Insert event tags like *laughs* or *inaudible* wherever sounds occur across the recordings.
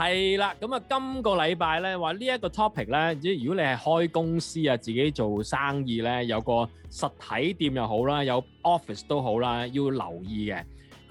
係啦，咁啊，今個禮拜呢話呢一個 topic 呢，如果你係開公司啊，自己做生意呢，有個實體店又好啦，有 office 都好啦，要留意嘅。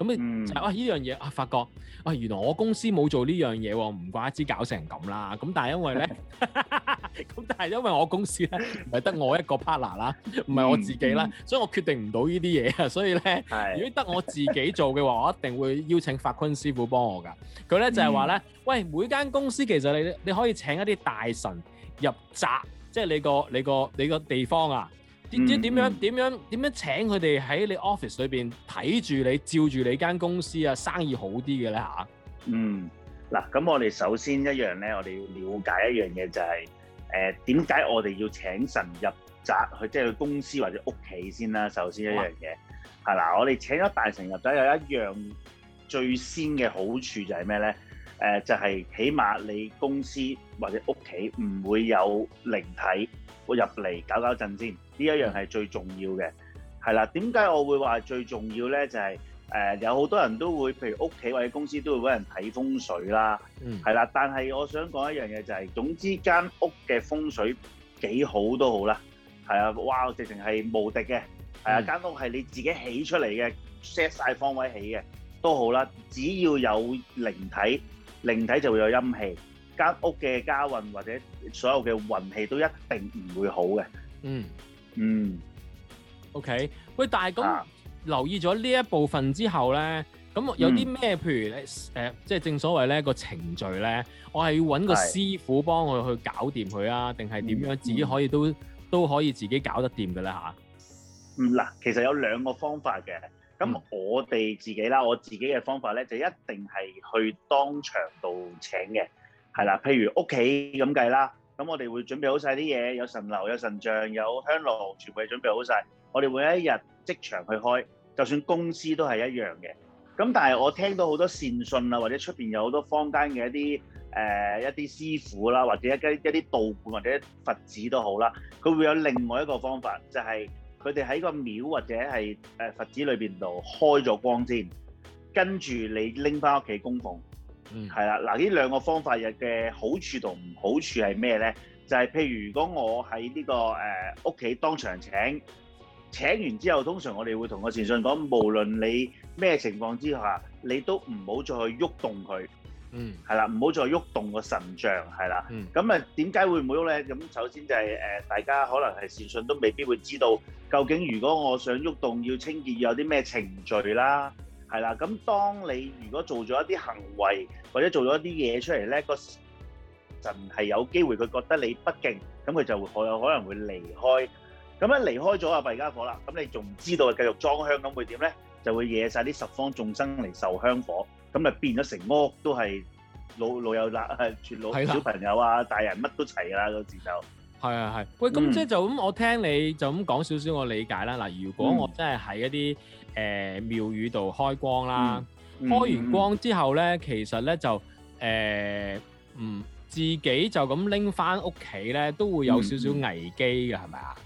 咁就係哇！呢樣嘢啊，發覺哇，原來我公司冇做呢樣嘢喎，唔怪之搞成咁啦。咁但係因為咧，咁但係因為我公司咧，唔係得我一個 partner 啦，唔係我自己啦，所以我決定唔到呢啲嘢啊。所以咧，如果得我自己做嘅話，我一定會邀請法坤師傅幫我噶。佢咧就係話咧，喂，每間公司其實你你可以請一啲大神入閘，即係你個你個你個地方啊。點知，點樣點樣點樣請佢哋喺你 office 裏邊睇住你，照住你間公司啊，生意好啲嘅咧嚇？嗯，嗱，咁我哋首先一樣咧，我哋要了解一樣嘢，就係誒點解我哋要請神入宅，去即係去公司或者屋企先啦。首先一樣嘢係嗱，我哋請咗大神入宅，有一樣最先嘅好處就係咩咧？誒、呃、就係、是、起碼你公司或者屋企唔會有靈體入嚟搞搞震先。呢一樣係最重要嘅，係啦。點解我會話最重要咧？就係誒，有好多人都會，譬如屋企或者公司都會揾人睇風水啦，嗯。係啦。但係我想講一樣嘢就係，總之間屋嘅風水幾好都好啦。係啊，哇！直情係無敵嘅。係啊，間屋係你自己起出嚟嘅，set 曬方位起嘅都好啦。只要有靈體，靈體就會有陰氣。間屋嘅家運或者所有嘅運氣都一定唔會好嘅。嗯。嗯，OK，喂，但係咁留意咗呢一部分之後咧，咁有啲咩，嗯、譬如誒，即、呃、係、就是、正所謂咧個程序咧，我係要揾個師傅幫我去去搞掂佢啊，定係點樣自己可以都、嗯、都可以自己搞得掂嘅咧吓？嗯，嗱，其實有兩個方法嘅，咁我哋自己啦，我自己嘅方法咧就一定係去當場度請嘅，係啦，譬如屋企咁計啦。咁我哋會準備好晒啲嘢，有神樓，有神像，有香爐，全部係準備好晒。我哋每一日即場去開，就算公司都係一樣嘅。咁但係我聽到好多善信啊，或者出邊有好多坊間嘅一啲誒、呃、一啲師傅啦，或者一啲一啲道館或者佛寺都好啦，佢會有另外一個方法，就係佢哋喺個廟或者係誒佛寺裏邊度開咗光先，跟住你拎翻屋企供奉。嗯，係啦，嗱，呢兩個方法嘅好處同唔好處係咩咧？就係譬如如果我喺呢個誒屋企當場請請完之後，通常我哋會同個善信講，無論你咩情況之下，你都唔好再去喐動佢。嗯，係啦，唔好再喐動個神像係啦。咁啊，點解會唔好喐咧？咁首先就係誒，大家可能係善信都未必會知道，究竟如果我想喐動要清潔，要有啲咩程序啦？係啦，咁當你如果做咗一啲行為或者做咗一啲嘢出嚟咧，嗰陣係有機會佢覺得你不敬，咁佢就會可有可能會離開。咁一離開咗啊，咪而家火啦！咁你仲唔知道繼續裝香咁會點咧？就會惹曬啲十方眾生嚟受香火，咁啊變咗成屋都係老老友啦，全老小朋友啊、大人乜都齊啦嗰時就。係啊，係，喂！咁即係就咁，嗯、我聽你就咁講少少，我理解啦。嗱，如果我真係喺一啲誒廟宇度開光啦，開完光之後咧，其實咧就誒、呃、嗯自己就咁拎返屋企咧，都會有少少危機嘅，係咪、嗯、吧啊？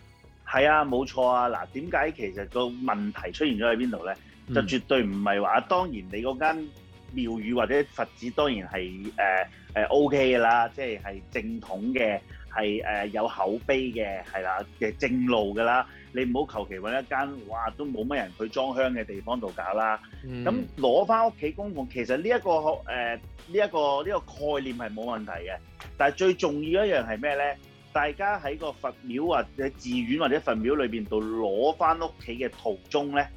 係啊，冇錯啊！嗱，點解其實個問題出現咗喺邊度咧？就絕對唔係話當然你嗰間廟宇或者佛寺當然係誒誒 OK 嘅啦，即係係正統嘅。係誒有口碑嘅，係啦嘅正路噶啦，你唔好求其揾一間，哇都冇乜人去裝香嘅地方度搞啦。咁攞翻屋企供奉，其實呢、呢、一個誒呢一個呢、呢個概念係冇問題嘅。但係最重要一樣係咩咧？大家喺個佛廟或者寺院或者佛廟裏邊度攞翻屋企嘅途中咧，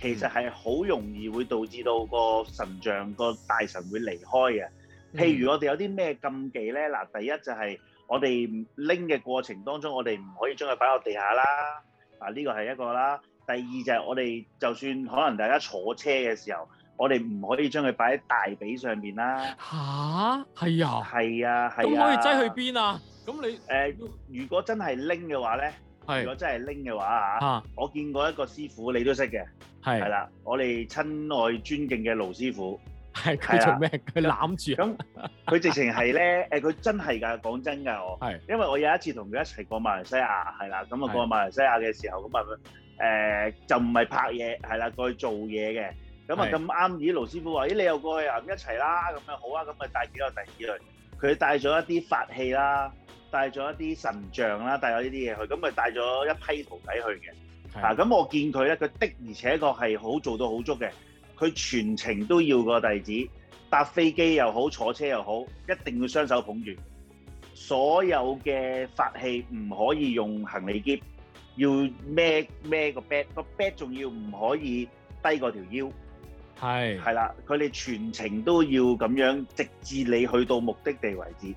其實係好容易會導致到個神像、個大神會離開嘅。譬如我哋有啲咩禁忌咧？嗱、嗯，第一就係、係我哋拎嘅過程當中，我哋唔可以將佢擺落地下啦。啊，呢個係一個啦。第二就係我哋，就算可能大家坐車嘅時候，我哋唔可以將佢擺喺大髀上面啦。吓？係啊！係啊！係啊！可以擠去邊啊？咁、呃、你誒，如果真係拎嘅話咧，是如果真係拎嘅話啊，我見過一個師傅，你都識嘅，係啦是，我哋親愛尊敬嘅盧師傅。係，佢做咩？佢攬住咁，佢直情係咧，誒，佢真係㗎，講真㗎，我係，是因為我有一次同佢一齊過馬來西亞，係啦、啊，咁啊過馬來西亞嘅時候，咁啊誒、呃，就唔係拍嘢，係啦、啊，過去做嘢嘅，咁啊咁啱，咦，盧師傅話，咦，你又過去啊，咁一齊啦，咁樣好啊，咁咪帶幾多弟子去？佢帶咗一啲法器啦，帶咗一啲神像啦，帶咗呢啲嘢去，咁咪帶咗一批徒弟去嘅，啊，咁、啊、我見佢咧，佢的而且確係好做到好足嘅。佢全程都要個弟子搭飛機又好，坐車又好，一定要雙手捧住。所有嘅法器唔可以用行李喼，要孭孭個 bag，個 bag 仲要唔可以低過條腰。係係啦，佢哋全程都要咁樣，直至你去到目的地為止。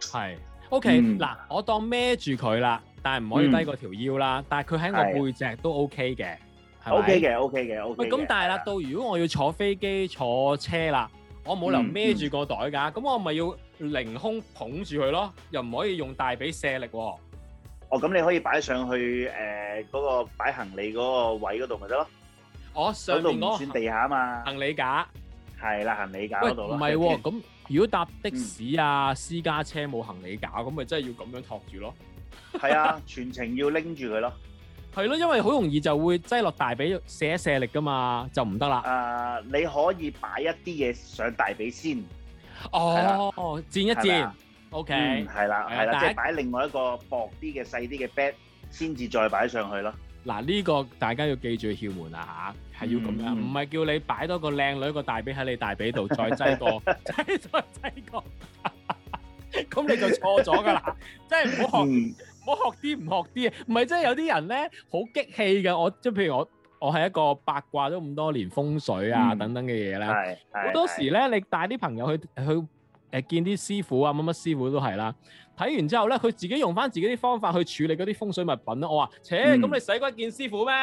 係，OK 嗱，我當孭住佢啦，但係唔可以低過條腰啦。但係佢喺我背脊都 OK 嘅。O K 嘅，O K 嘅，O K。咁、okay okay okay okay、但係啦，到如果我要坐飛機、坐車啦，嗯、我冇理由孭住個袋㗎，咁、嗯、我咪要凌空捧住佢咯，又唔可以用大髀卸力喎、啊。哦，咁你可以擺上去誒嗰、呃嗰個擺行李嗰個位嗰度咪得咯。哦，上到唔算地下啊嘛行。行李架。係啦，行李架度。喂，唔係喎，咁、嗯、如果搭的士啊、私家車冇行李架，咁咪真係要咁樣托住咯。係啊，全程要拎住佢咯。係咯，因為好容易就會擠落大髀卸卸力噶嘛，就唔得啦。誒，你可以擺一啲嘢上大髀先，哦，戰一戰，OK，係啦，係啦，即係擺另外一個薄啲嘅細啲嘅 bag 先至再擺上去咯。嗱，呢個大家要記住竅門啊吓，係要咁樣，唔係叫你擺多個靚女個大髀喺你大髀度再擠多，擠多擠多，咁你就錯咗噶啦，即係唔好學。我學啲唔學啲啊！唔係，即係有啲人咧好激氣嘅。我即係譬如我，我係一個八卦咗咁多年風水啊等等嘅嘢咧。好、嗯、多時咧，對你帶啲朋友去去。誒見啲師傅啊，乜乜師傅都係啦。睇完之後咧，佢自己用翻自己啲方法去處理嗰啲風水物品咯。我話，切，咁、嗯、你使鬼見師傅咩？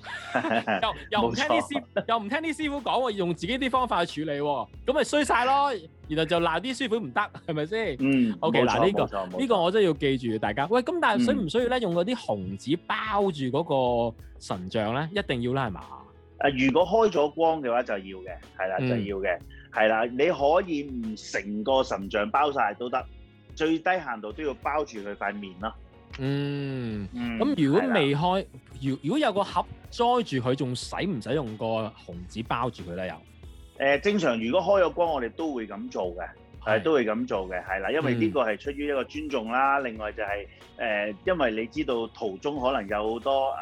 *laughs* 又又唔聽啲師，又唔聽啲師傅講喎錯，用自己啲方法去處理，咁咪衰晒咯。然後就鬧啲師傅唔得，係咪先？嗯。O K，嗱呢個呢錯個我真係要記住，大家。喂，咁但係需唔需要咧？用嗰啲紅紙包住嗰個神像咧，一定要啦，係嘛？誒，如果開咗光嘅話就要嘅，就要嘅，係啦、嗯，就要嘅。係啦，你可以唔成個神像包晒都得，最低限度都要包住佢塊面咯。嗯，咁、嗯、如果未開，如的如果有個盒載住佢，仲使唔使用個紅紙包住佢咧？又誒、呃，正常如果開咗光，我哋都會咁做嘅，係的都會咁做嘅，係啦，因為呢個係出於一個尊重啦。嗯、另外就係、是、誒、呃，因為你知道途中可能有好多誒、呃，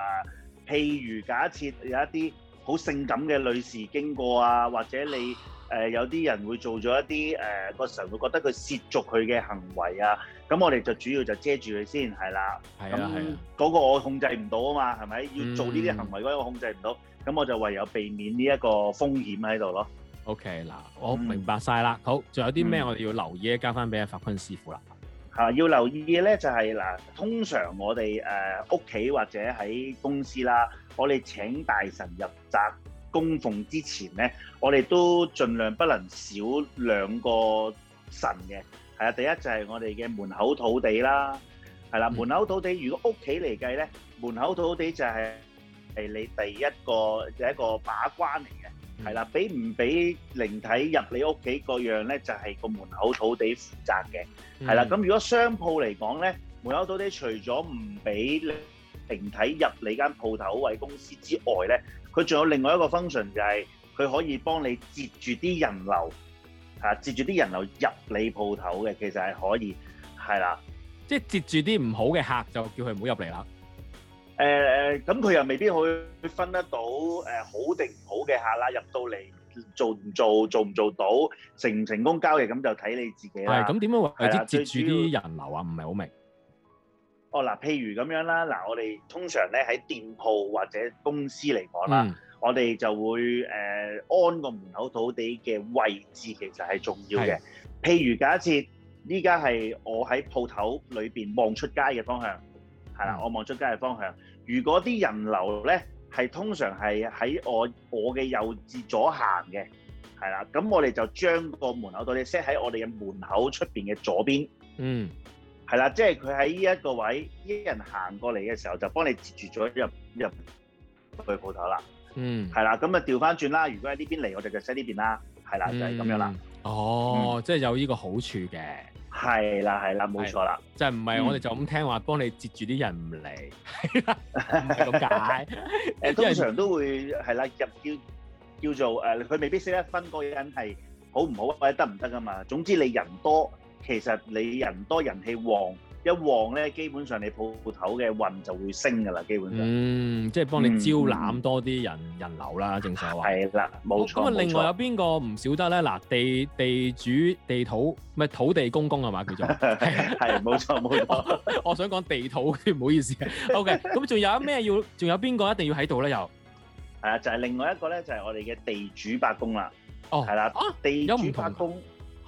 譬如假設有一啲好性感嘅女士經過啊，或者你。誒、呃、有啲人會做咗一啲誒，個神會覺得佢涉足佢嘅行為啊，咁我哋就主要就遮住佢先，係啦。係啊，係那啊。嗰個我控制唔到啊嘛，係咪？要做呢啲行為嗰個、嗯、控制唔到，咁我就唯有避免呢一個風險喺度咯。OK，嗱，我明白晒啦。嗯、好，仲有啲咩我哋要留意？交翻俾阿法坤師傅啦。嚇，要留意嘅咧就係、是、嗱，通常我哋誒屋企或者喺公司啦，我哋請大神入宅。供奉之前咧，我哋都儘量不能少兩個神嘅。係啊，第一就係我哋嘅門口土地啦。係啦，門口土地如果屋企嚟計咧，門口土地就係係你第一個第一個把關嚟嘅。係啦，俾唔俾靈體入你屋企嗰樣咧，就係個門口土地負責嘅。係啦，咁如果商鋪嚟講咧，門口土地除咗唔俾你平體入你間鋪頭或公司之外咧，佢仲有另外一個 function 就係、是、佢可以幫你截住啲人流，嚇、啊、截住啲人流入你鋪頭嘅，其實係可以，係啦，即係截住啲唔好嘅客就叫佢唔好入嚟啦。誒誒、呃，咁佢又未必去分得到誒、呃、好定唔好嘅客啦。入到嚟做唔做，做唔做到，成唔成功交易，咁就睇你自己啦。係咁點樣為之截住啲人流于啊？唔係好明。哦嗱，譬如咁樣啦，嗱，我哋通常咧，喺店鋪或者公司嚟講啦，嗯、我哋就會誒、呃、安個門口土地嘅位置其實係重要嘅。是譬如假設依家係我喺鋪頭裏邊望出街嘅方向，係啦、嗯，我望出街嘅方向。如果啲人流咧係通常係喺我我嘅右至左行嘅，係啦，咁我哋就將個門口土地 set 喺我哋嘅門口出邊嘅左邊。嗯。係啦，即係佢喺呢一個位，呢人行過嚟嘅時候，就幫你截住咗入入去鋪頭啦。嗯，係啦，咁啊調翻轉啦。如果喺呢邊嚟，我哋就喺呢邊啦。係啦，嗯、就係咁樣啦。哦，嗯、即係有呢個好處嘅。係啦，係啦，冇錯啦。就唔、係、係我哋就咁聽話、嗯、幫你截住啲人唔嚟，係啦，咁解。誒 *laughs* 為，通常都會係啦，入叫叫做誒，佢、呃、未必識得分個人係好唔好或者得唔得噶嘛。總之你人多。其實你人多人氣旺，一旺咧，基本上你鋪頭嘅運就會升噶啦，基本上。嗯，即係幫你招攬多啲人、嗯、人流啦，正常話。係啦，冇錯。咁啊那，錯那另外有邊個唔少得咧？嗱，地地主地土，咪土地公公係嘛叫做？係冇 *laughs* 錯冇錯。 *laughs* 我想講地土，唔好意思。O K，咁仲有咩要？仲有邊個一定要喺度咧？又係啊，就係、是、另外一個咧，就係、是、我哋嘅地主伯公啦。哦，係啦，地主伯公。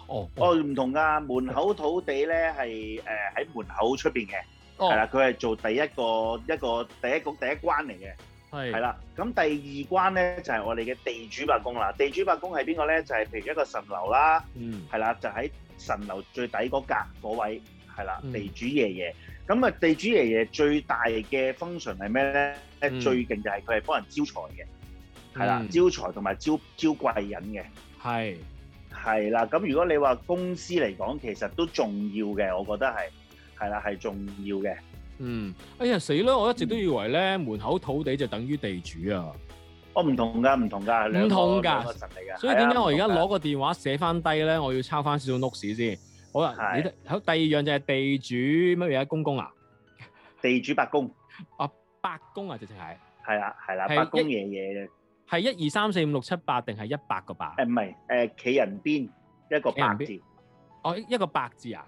Oh, oh. 哦，我唔同噶，門口土地咧係誒喺門口出邊嘅，係啦、oh.，佢係做第一個一個第一個第一關嚟嘅，係係啦。咁第二關咧就係、是、我哋嘅地主伯公啦。地主伯公係邊個咧？就係、是、譬如一個神樓啦，係啦、mm.，就喺神樓最底嗰格嗰位，係啦，mm. 地主爺爺。咁啊，地主爺爺最大嘅 function 係咩咧？誒、mm. 最勁就係佢係幫人招財嘅，係啦、mm.，招財同埋招招貴人嘅，係。係啦，咁如果你話公司嚟講，其實都重要嘅，我覺得係，係啦，係重要嘅。嗯，哎呀死啦！我一直都以為咧，門口土地就等於地主啊。哦，唔同㗎，唔同㗎，唔同㗎。神嚟㗎。所以點解我而家攞個電話寫翻低咧？我要抄翻少少 notes 先。好啦，第二樣就係地主乜嘢公公啊？地主伯公。啊，伯公啊，直情係。係啦，係啦，伯公爺爺。係一二三四五六七八定係一百個八，呃？誒唔係，誒、呃、企人邊一個八字哦，一個八字啊，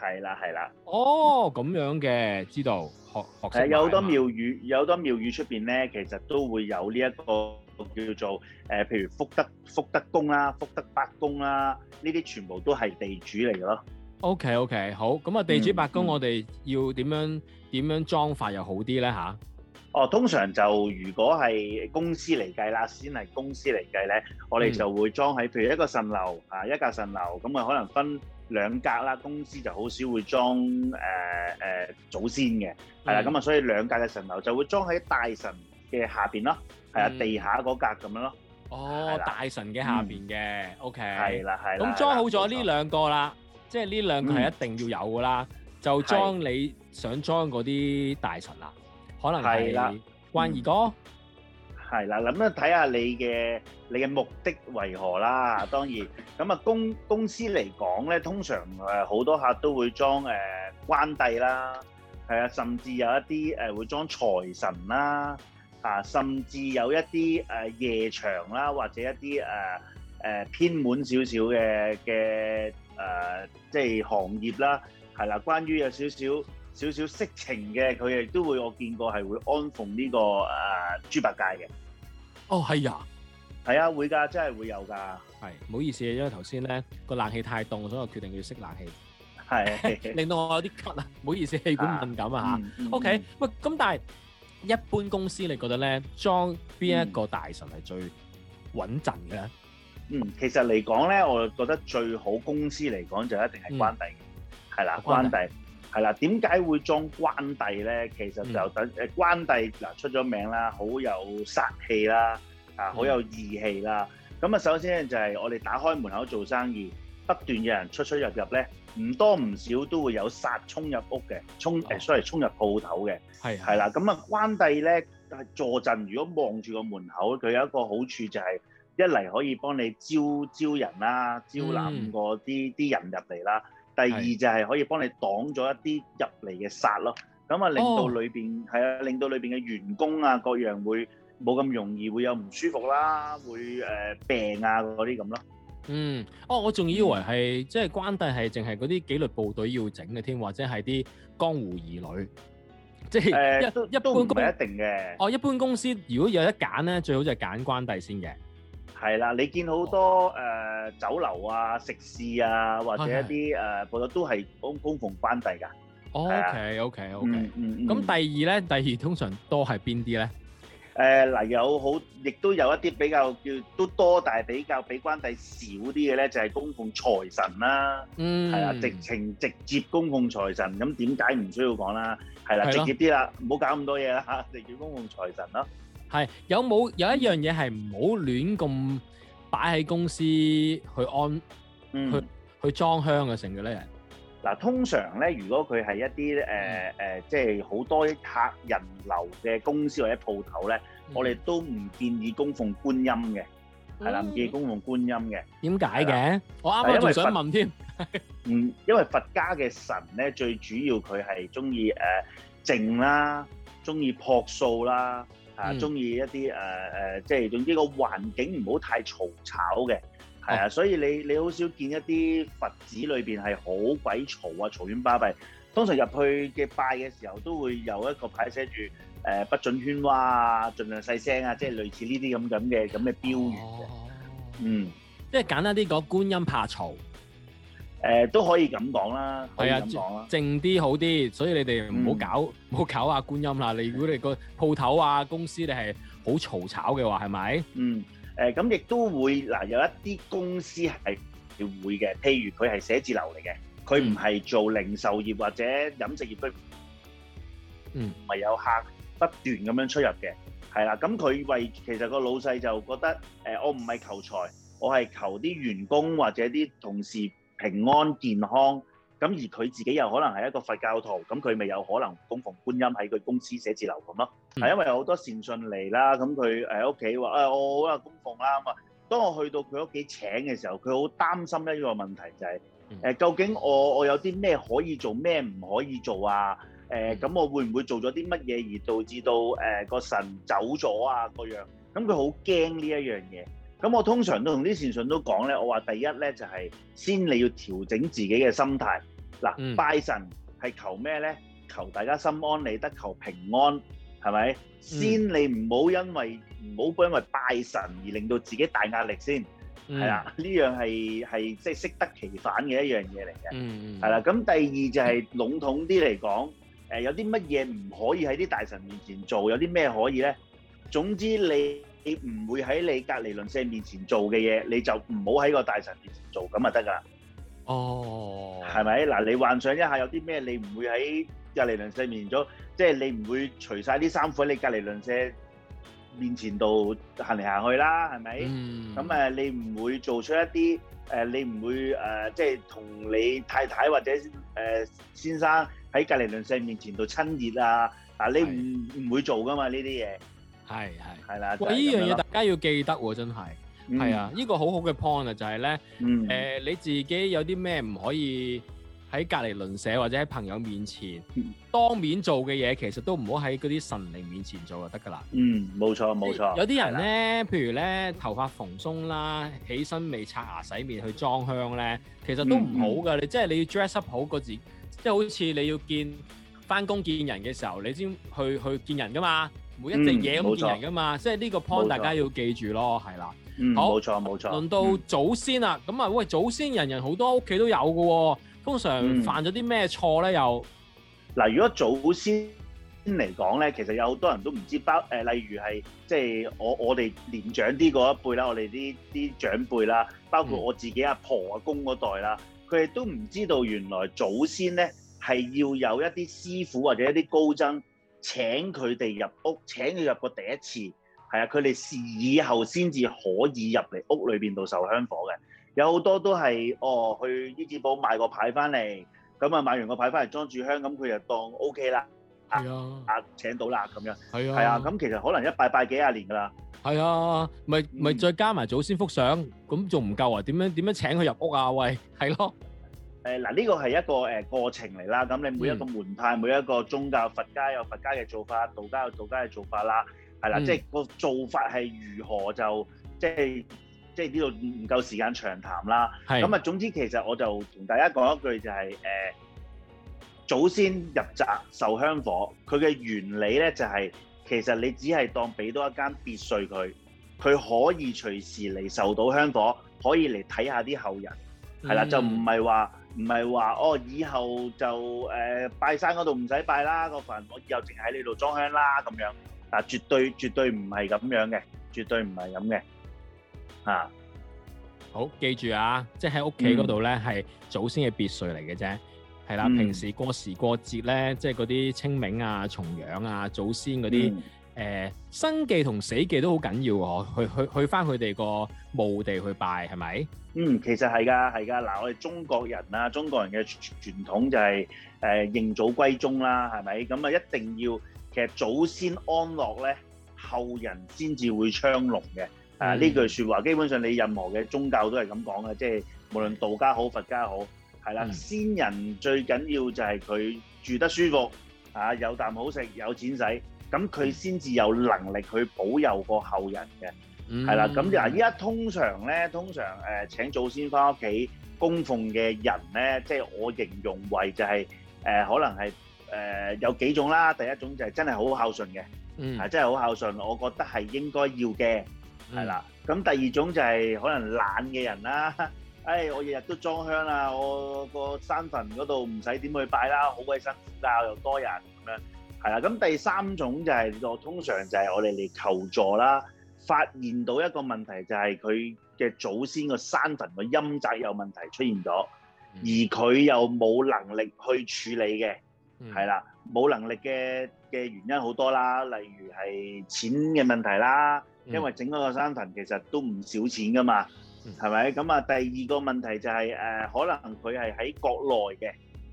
係啦係啦，哦、oh, 咁、oh, 樣嘅知道學學識係有好多廟宇，有好多廟宇出邊咧，其實都會有呢、這、一個叫做誒、呃，譬如福德福德宮啦、福德伯公啦，呢啲全部都係地主嚟嘅咯。OK OK，好，咁啊地主伯公我們，我哋要點樣點樣裝法又好啲咧吓？哦，通常就如果係公司嚟計啦，先係公司嚟計咧，我哋就會裝喺、嗯、譬如一個神樓啊，一格神樓咁啊，可能分兩格啦。公司就好少會裝誒誒、呃呃、祖先嘅，係啦，咁啊、嗯，所以兩格嘅神樓就會裝喺大神嘅下邊咯，係啊，嗯、地下嗰格咁樣咯。哦，的大神嘅下邊嘅、嗯，OK，係啦係啦。咁裝好咗呢兩個啦，錯即係呢兩個係一定要有噶啦，嗯、就裝你想裝嗰啲大神啦。可能係啦，關二哥。係、嗯、啦，諗咧睇下你嘅你嘅目的為何啦。當然，咁啊公公司嚟講咧，通常誒好、呃、多客都會裝誒、呃、關帝啦，係、呃、啊，甚至有一啲誒、呃、會裝財神啦，啊，甚至有一啲誒、呃、夜場啦，或者一啲誒誒偏門少少嘅嘅誒，即係行業啦，係啦，關於有少少。少少色情嘅，佢亦都會我見過係會安奉呢個誒豬八戒嘅。哦，係啊，係啊，會噶，真係會有噶。係，唔好意思，因為頭先咧個冷氣太凍，所以我決定要熄冷氣。係，令到我有啲咳啊！唔好意思，氣管敏感啊嚇。OK，喂，咁但係一般公司你覺得咧裝邊一個大神係最穩陣嘅咧？嗯，其實嚟講咧，我覺得最好公司嚟講就一定係關帝，係啦，關帝。係啦，點解會裝關帝咧？其實就等、嗯、關帝嗱出咗名啦，好有煞氣啦，啊好有義氣啦。咁啊、嗯，首先咧就係我哋打開門口做生意，不斷有人出出入入咧，唔多唔少都會有煞衝入屋嘅，衝誒 s o、哦呃、衝入鋪頭嘅。係係啦，咁啊的關帝咧坐鎮如果望住個門口，佢有一個好處就係一嚟可以幫你招招人啦，招攬嗰啲啲人入嚟啦。第二就係可以幫你擋咗一啲入嚟嘅煞咯，咁啊令到裏邊係啊，令到裏邊嘅員工啊各樣會冇咁容易會有唔舒服啦、啊，會誒、呃、病啊嗰啲咁咯。嗯，哦，我仲以為係即係關帝係淨係嗰啲紀律部隊要整嘅添，或者係啲江湖兒女，即、就、係、是、一、呃、都一般公司一定嘅。哦，一般公司如果有得揀咧，最好就係揀關帝先嘅。係啦，你見好多誒酒樓啊、食肆啊，或者一啲誒，佢都係供供奉關帝㗎。O K O K O K，嗯嗯。咁第二咧，第二通常多係邊啲咧？誒嗱，有好，亦都有一啲比較叫都多，但係比較比關帝少啲嘅咧，就係供奉財神啦。嗯。係啦，直情直接供奉財神，咁點解唔需要講啦？係啦，直接啲啦，唔好搞咁多嘢啦，直接供奉財神啦。係，有冇有一樣嘢係唔好亂咁擺喺公司去安去去裝香嘅成嘅咧？嗱，通常咧，如果佢係一啲誒誒，即係好多客人流嘅公司或者鋪頭咧，我哋都唔建議供奉觀音嘅，係啦，唔建議供奉觀音嘅。點解嘅？我啱啱係想問添。嗯，因為佛家嘅神咧，最主要佢係中意誒靜啦，中意樸素啦。啊，鍾意、嗯、一啲誒誒，即係總之個環境唔好太嘈吵嘅，係啊，哦、所以你你好少見一啲佛寺裏邊係好鬼嘈啊，嘈喧巴閉。通常入去嘅拜嘅時候，都會有一個牌寫住誒、呃、不准喧譁啊，盡量細聲啊，即係類似呢啲咁咁嘅咁嘅標語嘅。哦、嗯，即係簡單啲講，那個、觀音怕嘈。誒、呃、都可以咁講啦，係啊，正靜啲好啲，所以你哋唔好搞唔好、嗯、搞下觀音啦。你如果你個鋪頭啊，公司你係好嘈吵嘅話係咪？嗯，誒咁亦都會嗱、呃、有一啲公司係會嘅，譬如佢係寫字樓嚟嘅，佢唔係做零售業或者飲食業都，嗯，唔係有客不斷咁樣出入嘅，係啦，咁佢為其實個老細就覺得誒、呃、我唔係求財，我係求啲員工或者啲同事。平安健康，咁而佢自己又可能係一個佛教徒，咁佢咪有可能供奉觀音喺佢公司寫字樓咁咯？係、嗯、因為有好多善信嚟啦，咁佢誒喺屋企話誒我好啦，供奉啦咁啊，當我去到佢屋企請嘅時候，佢好擔心一個問題就係、是、誒、嗯、究竟我我有啲咩可以做咩唔可以做啊？誒、呃、咁我會唔會做咗啲乜嘢而導致到誒、呃、個神走咗啊個樣？咁佢好驚呢一樣嘢。咁我通常都同啲善信都講咧，我話第一咧就係先你要調整自己嘅心態。嗱，拜神係求咩咧？求大家心安理得，求平安，係咪？先你唔好因為唔好因為拜神而令到自己大壓力先，係啦。呢樣係係即係適得其反嘅一樣嘢嚟嘅，係啦。咁第二就係籠統啲嚟講，誒有啲乜嘢唔可以喺啲大神面前做，有啲咩可以咧？總之你。你唔會喺你隔離鄰舍面前做嘅嘢，你就唔好喺個大神面前做，咁就得噶啦。哦，係咪？嗱，你幻想一下有啲咩，你唔會喺隔離鄰舍面前做，即係你唔會除晒啲衫褲喺你隔離鄰舍面前度行嚟行去啦，係咪？嗯。咁誒，你唔會做出一啲誒，你唔會誒，即係同你太太或者誒先生喺隔離鄰舍面前度親熱啊？嗱，你唔唔會做噶嘛？呢啲嘢。係係係啦！哇，依、啊就係、樣嘢大家要記得喎、啊，真係。係、嗯、啊，依、呢個好好嘅 point 啊、就係，就係咧，誒、呃、你自己有啲咩唔可以喺隔離鄰舍或者喺朋友面前、嗯、當面做嘅嘢，其實都唔好喺嗰啲神靈面前做就得㗎啦。嗯，冇錯冇錯。錯，有啲人咧，啊、譬如咧頭髮蓬鬆啦，起身未刷牙洗面去裝香咧，其實都唔好㗎。你、嗯、即係你要 dress up 好個自己，即係好似你要見翻工見人嘅時候，你先去去見人㗎嘛。每一隻嘢都、嗯、見人噶嘛，即係呢個 point 冇錯、大家要記住咯，係啦。嗯、冇錯、好，冇錯冇錯。輪到祖先啦，咁啊、嗯、喂，祖先人人好多屋企都有噶喎、哦。通常犯咗啲咩錯咧？嗯、又嗱，如果祖先嚟講咧，其實有好多人都唔知包、呃、例如係即係我我哋年長啲嗰一輩啦，我哋啲啲長輩啦，包括我自己阿、嗯、婆阿公嗰代啦，佢哋都唔知道原來祖先咧係要有一啲師傅或者一啲高僧。請佢哋入屋，請佢入過第一次，係啊，佢哋以後先至可以入嚟屋裏邊度受香火嘅。有好多都係哦，去衣紙舖買個牌翻嚟，咁啊買完個牌翻嚟裝住香，咁佢就當 OK 啦。係啊，啊，啊請到啦咁樣。係啊，係啊，咁其實可能一拜拜幾廿年㗎啦。係啊，咪咪再加埋祖先幅相，咁仲唔夠啊？點樣點樣請佢入屋啊？喂，係咯、啊。誒嗱呢個係一個誒過程嚟啦，咁你每一個門派、嗯、每一個宗教，佛家有佛家嘅做法，道家有道家嘅做法啦，係啦，嗯、即係個做法係如何就即係即係呢度唔夠時間長談啦。咁啊是，總之其實我就同大家講一句就係、是、誒、欸、祖先入宅受香火，佢嘅原理咧就係、是、其實你只係當俾多一間別墅佢，佢可以隨時嚟受到香火，可以嚟睇下啲後人，係啦、嗯，就唔係話。唔係話哦，以後就誒、呃、拜山嗰度唔使拜啦個墳，我以後淨喺呢度裝香啦咁樣。嗱，絕對絕對唔係咁樣嘅，絕對唔係咁嘅。嚇、啊！好，記住啊，即喺屋企嗰度咧，係、嗯、祖先嘅別墅嚟嘅啫。係啦、啊，平時過時過節咧，嗯、即係嗰啲清明啊、重陽啊、祖先嗰啲。嗯誒生忌同死忌都好緊要喎，去去去翻佢哋個墓地去拜係咪？嗯，其實係㗎，係㗎。嗱，我哋中國人啦，中國人嘅傳統就係誒認祖歸宗啦，係咪？咁啊，一定要其實祖先安樂咧，後人先至會昌隆嘅。嗯、啊，呢句説話，基本上你任何嘅宗教都係咁講嘅，即係無論道家好、佛家好，係啦，嗯、先人最緊要就係佢住得舒服，啊，有啖好食，有錢使。咁佢先至有能力去保佑個後人嘅，係啦、嗯。咁而依家通常呢，通常誒請祖先翻屋企供奉嘅人呢，即係我形容為就係誒、可能係、呃、有幾種啦。第一種就係真係好孝順嘅、嗯啊，真係好孝順，我覺得係應該要嘅，係啦、嗯。咁第二種就係可能懶嘅人啦，誒、哎，我日日都裝香啦、啊，我個山墳嗰度唔使點去拜啦，好鬼辛苦，但又多人咁樣。係啦，咁第三種就係個通常就係我哋嚟求助啦，發現到一個問題就係佢嘅祖先個山墳個陰宅有問題出現咗，而佢又冇能力去處理嘅，係啦，冇能力嘅嘅原因好多啦，例如係錢嘅問題啦，因為整嗰個山墳其實都唔少錢㗎嘛，係咪？咁啊，第二個問題就係誒，可能佢係喺國內嘅，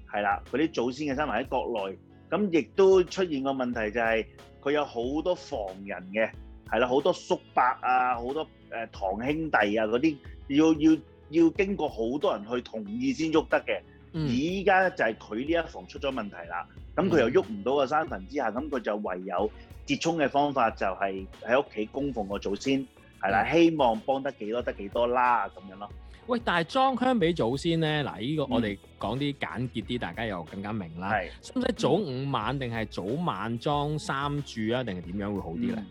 係啦，佢啲祖先嘅山墳喺國內。咁亦都出現個問題就係，佢有好多房人嘅，係啦，好多叔伯啊，好多誒、呃、堂兄弟啊嗰啲，要要要經過好多人去同意先喐得嘅。而依家就係佢呢一房出咗問題啦，咁佢又喐唔到個山墳之下，咁佢、嗯、就唯有折衷嘅方法就係喺屋企供奉個祖先，係啦，嗯、希望幫得幾多得幾多啦咁樣咯。喂，但係裝香俾祖先咧，嗱、啊，呢、這個我哋講啲簡潔啲，大家又更加明啦。係是，使唔使早五晚定係早晚裝三柱啊？定係點樣會好啲咧？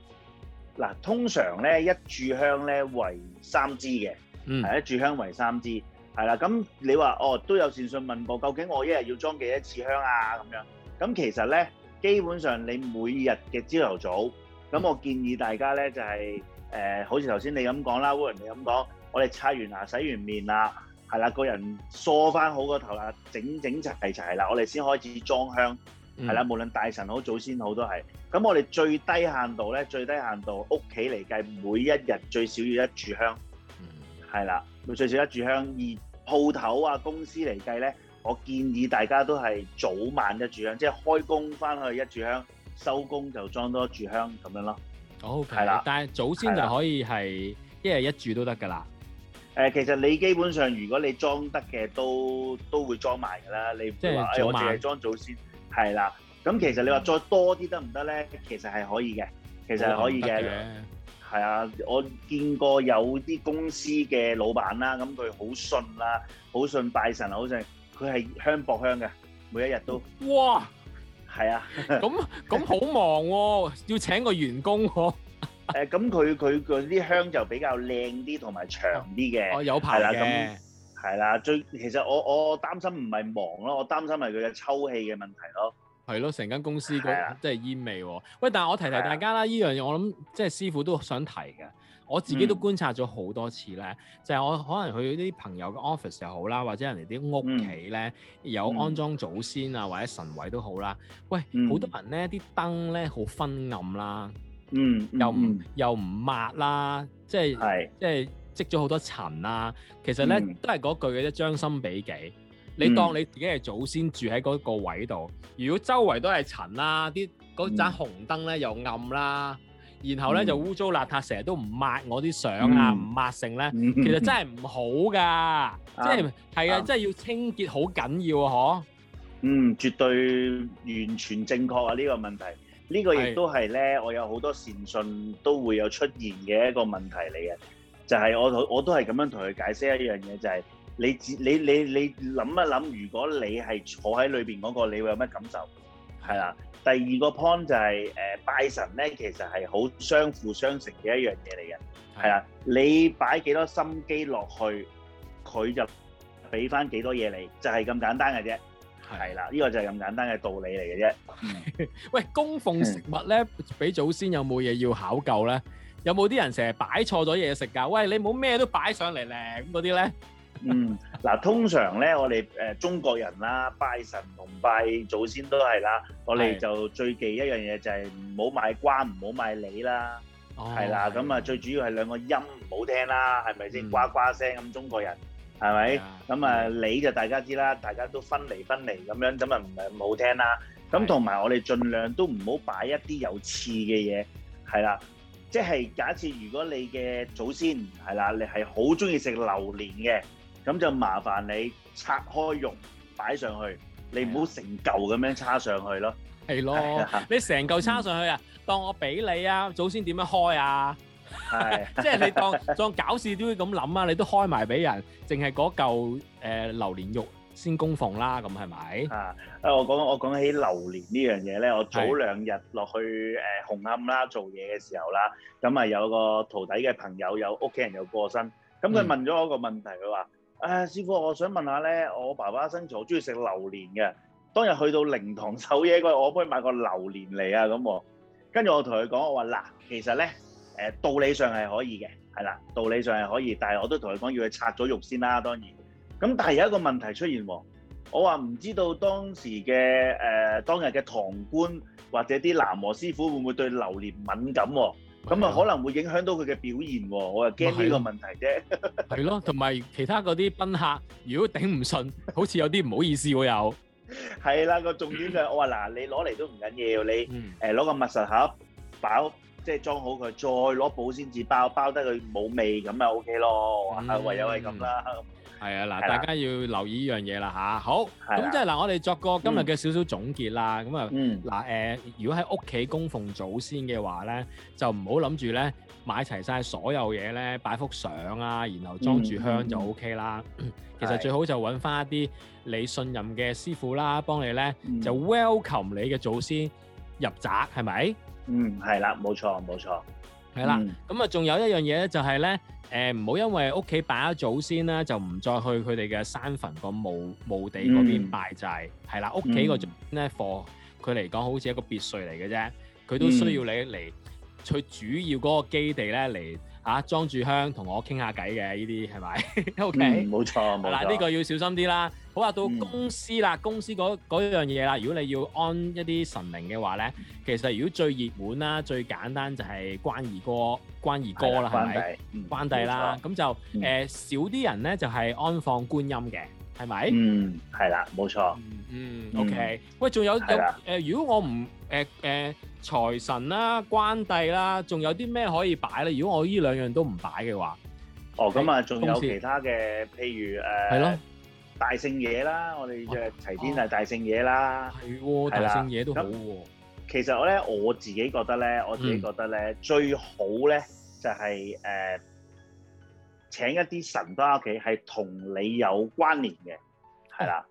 嗱、嗯，通常咧一炷香咧為三支嘅，係、嗯、一炷香為三支，係啦。咁你話哦都有善信問過究竟我一日要裝幾多次香啊？咁樣咁其實咧，基本上你每日嘅朝頭早，咁、嗯、我建議大家咧就係、是呃、好似頭先你咁講啦 William 你咁講。我哋刷完牙、洗完面啦，係啦，個人梳翻好個頭啦，整整齊齊啦，我哋先開始裝香，係、嗯、啦，無論大神好、祖先好都係。咁我哋最低限度咧，最低限度屋企嚟計，每一日最少要一炷香，係、嗯、啦，最少一炷香。而鋪頭啊、公司嚟計咧，我建議大家都係早晚一炷香，即係開工翻去一炷香，收工就裝多一炷香咁樣咯。好，係啦，但係祖先就可以係一日一柱都得㗎啦。誒、呃，其實你基本上，如果你裝得嘅都都會裝埋㗎啦。你唔會話，早哎，我淨係裝祖先。係啦，咁其實你話再多啲得唔得咧？其實係可以嘅，其實係可以嘅。係啊，我見過有啲公司嘅老闆啦，咁佢好信啦，好信拜神，好信，佢係香薄香嘅，每一日都。哇！係的啊。咁咁好忙喎，要請個員工、啊。誒，咁佢佢嗰啲香就比較靚啲同埋長啲嘅，哦，有排咁。係啦，最其實我我擔心唔係忙咯，我擔心係佢嘅抽氣嘅問題咯。係咯，成間公司都即係煙味喎、哦。喂，但我提提大家啦，呢了樣嘢我諗即係師傅都想提嘅，我自己都觀察咗好多次咧，嗯、就係我可能去啲朋友嘅 office 又好啦，或者人哋啲屋企咧有安裝祖先啊或者神位都好啦。喂，好、嗯、多人咧啲燈咧好昏暗啦。嗯，又唔又唔抹啦，即係即係積咗好多塵啦。其實咧都係嗰句嘅啫，將心比己。你當你自己係祖先住喺嗰個位度，如果周圍都係塵啦，啲嗰盞紅燈咧又暗啦，然後咧就污糟邋遢，成日都唔抹我啲相啊，唔抹成咧，其實真係唔好㗎。即係係啊，即係要清潔好緊要嗬，嗯，絕對完全正確啊！呢個問題。這個也是呢個亦都係咧，我有好多善信都會有出現嘅一個問題嚟嘅，就係、是、我我都係咁樣同佢解釋一樣嘢，就係、是、你自你你你諗一諗，如果你係坐喺裏邊嗰個，你會有乜感受？係啦，第二個 point 就係誒拜神咧，其實係好相輔相成嘅一樣嘢嚟嘅，係啦，你擺幾多心機落去，佢就俾翻幾多嘢你，就係、是、咁簡單嘅啫。係啦，呢個就係咁簡單嘅道理嚟嘅啫。喂，供奉食物咧，俾祖先有冇嘢要考究咧？有冇啲人成日擺錯咗嘢食㗎？餵，你冇咩都擺上嚟咧，咁嗰啲咧。嗯，嗱，通常咧，我哋誒中國人啦，拜神同拜祖先都係啦，我哋就最忌一樣嘢就係唔好買瓜，唔好買梨啦。哦。係啦，咁啊，最主要係兩個音唔好聽啦，係咪先？呱呱聲咁，中國人。係咪？咁啊，你就大家知啦，大家都分離分離咁樣，咁啊唔係咁好聽啦。咁同埋我哋盡量都唔好擺一啲有刺嘅嘢，係啦。即係假設如果你嘅祖先係啦，你係好中意食榴槤嘅，咁就麻煩你拆開肉擺上去，是的 你唔好成嚿咁樣插上去咯。係咯的，是的 你成嚿插上去啊？嗯，當我俾你啊，祖先點樣開啊？係，即係你當當搞事都會咁諗啊！你都開埋俾人，淨係嗰嚿誒榴蓮肉先供奉啦，咁係咪？啊！誒，我講我講起榴蓮呢樣嘢咧，我早兩日落去誒紅磡啦做嘢嘅時候啦，咁啊有個徒弟嘅朋友有屋企人又過身，咁佢問咗我一個問題，佢話：誒，師傅，我想問下咧，我爸爸生前好中意食榴蓮嘅，當日去到靈堂守夜嗰日，我可唔可以買個榴蓮嚟啊？咁我，跟住我同佢講，我話嗱，其實咧。誒道理上係可以嘅，係啦，道理上係可以嘅，但係我都同佢講，要佢拆咗肉先啦，當然。咁但係有一個問題出現喎，我話唔知道當時嘅誒、呃、當日嘅堂官或者啲南和師傅會唔會對榴蓮敏感喎？咁啊的可能會影響到佢嘅表現喎，我啊驚呢個問題啫。係咯，同埋其他嗰啲賓客，如果頂唔順， *laughs* 好似有啲唔好意思喎又。係啦，個重點就係、嗯、我話嗱，你攞嚟都唔緊要，你誒攞、嗯呃、個密實盒包。即係裝好佢，再攞保鮮紙包，包得佢冇味咁咪 OK 咯。唯有係咁啦。係啊，嗱，大家要留意呢樣嘢啦吓。好，咁即係嗱，我哋作個今日嘅少少總結啦。咁啊，嗱誒，如果喺屋企供奉祖先嘅話咧，就唔好諗住咧買齊晒所有嘢咧，擺幅相啊，然後裝住香就 OK 啦。其實最好就揾翻一啲你信任嘅師傅啦，幫你咧就 welcome 你嘅祖先入宅係咪？嗯，係啦，冇錯冇錯，係啦，咁啊的，仲、嗯、有一樣嘢咧，就係咧，誒，唔好因為屋企擺咗祖先啦，就唔再去佢哋嘅山墳個墓墓地嗰邊拜祭，係啦、嗯，屋企個呢貨佢嚟講好似一個別墅嚟嘅啫，佢都需要你嚟佢、嗯、主要嗰個基地咧嚟吓裝住香同我傾下偈嘅呢啲係咪？O K，冇錯冇錯，嗱呢 *laughs* okay?、嗯這個要小心啲啦。好啦，到公司啦，公司嗰樣嘢啦。如果你要安一啲神明嘅話咧，其實如果最熱門啦、最簡單就係關二哥、關二哥啦，係咪？關帝，關帝啦。咁就誒少啲人咧，就係安放觀音嘅，係咪？嗯，係啦，冇錯。嗯，OK。喂，仲有有誒？如果我唔誒誒財神啦、關帝啦，仲有啲咩可以擺咧？如果我呢兩樣都唔擺嘅話，哦，咁啊，仲有其他嘅，譬如誒，係咯。大聖嘢啦，我哋嘅齊天大聖啊，啊，是啊，大聖嘢啦，係喎，啊，大聖嘢都好喎。其實我咧，我自己覺得咧，我自己覺得咧，嗯、最好咧就係、是、誒、呃、請一啲神翻屋企，係同你有關聯嘅，係啦，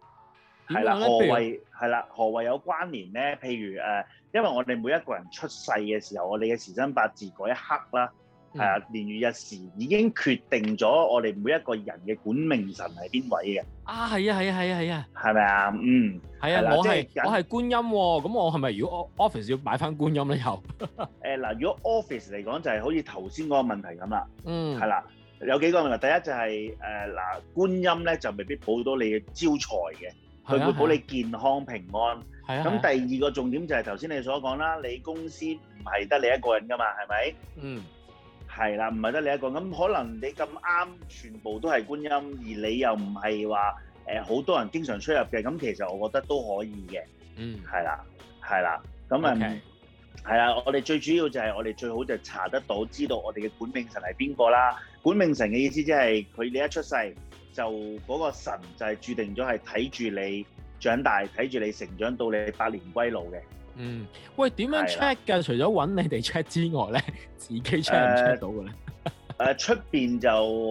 啊，係啦，啊，何謂係啦如、啊，何謂有關聯咧？譬如誒、呃，因為我哋每一個人出世嘅時候，我哋嘅時辰八字嗰一刻啦。係啊，年月日時已經決定咗我哋每一個人嘅管命神係邊位嘅。啊，係啊，係啊，係啊，係咪啊？嗯，係啊。我係我係觀音喎。咁我係咪如果 office 要擺翻觀音咧又？誒嗱，如果 office 嚟講就係好似頭先嗰個問題咁啦。嗯，係啦，有幾個問題。第一就係誒嗱，觀音咧就未必保到你嘅招財嘅，佢會保你健康平安。係啊。咁第二個重點就係頭先你所講啦，你公司唔係得你一個人㗎嘛，係咪？嗯。係啦，唔係得你一個，咁可能你咁啱全部都係觀音，而你又唔係話誒好多人經常出入嘅，咁其實我覺得都可以嘅。嗯，係啦，係啦，係啦，咁啊，係啦，我哋最主要就係我哋最好就查得到知道我哋嘅本命神係邊個啦。本命神嘅意思即係佢你一出世就嗰個神就係注定咗係睇住你長大，睇住你成長到你百年歸老嘅。嗯，喂，點樣 check 嘅？係啦。除咗揾你哋 check 之外咧，自己 check 唔 check 到嘅咧？誒、呃，出邊就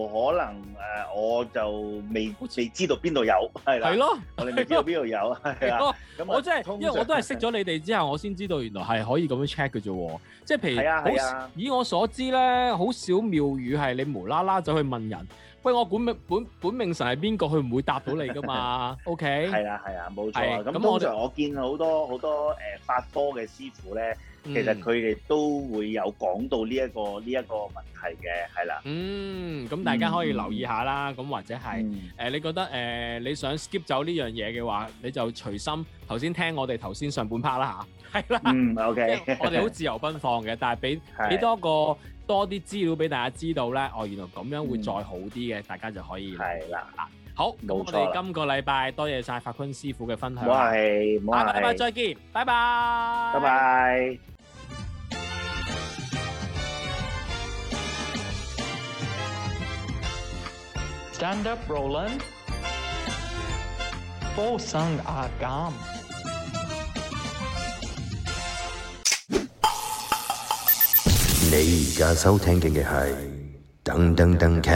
可能誒、呃，我就未未知道邊度有，係啦。係咯，我哋未知道邊度有，係啦。咁我真係，因為我都係識咗你哋之後，我先知道原來係可以咁樣 check 嘅啫喎。即係譬如，以我所知咧，好少妙語係你無啦啦走去問人。喂，我本命本本命神係邊個？佢唔會答到你㗎嘛？OK，係啦，係啊，冇錯。咁通常我見好多好多誒法科嘅師傅咧，其實佢哋都會有講到呢一個呢一個問題嘅，係啦。嗯，咁大家可以留意下啦。咁或者係誒，你覺得誒你想 skip 走呢樣嘢嘅話，你就隨心頭先聽我哋頭先上半 part 啦嚇。係啦，OK。我哋好自由奔放嘅，但係俾俾多個，多啲資料俾大家知道咧，哦，原來咁樣會再好啲嘅。嗯、大家就可以了。係啦了，好，咁我哋今個禮拜多謝晒法坤師傅嘅分享。係下個禮拜再見，拜拜。拜拜。Stand up, Roland. For some a r 你而家收聽嘅係《燈登登劇》。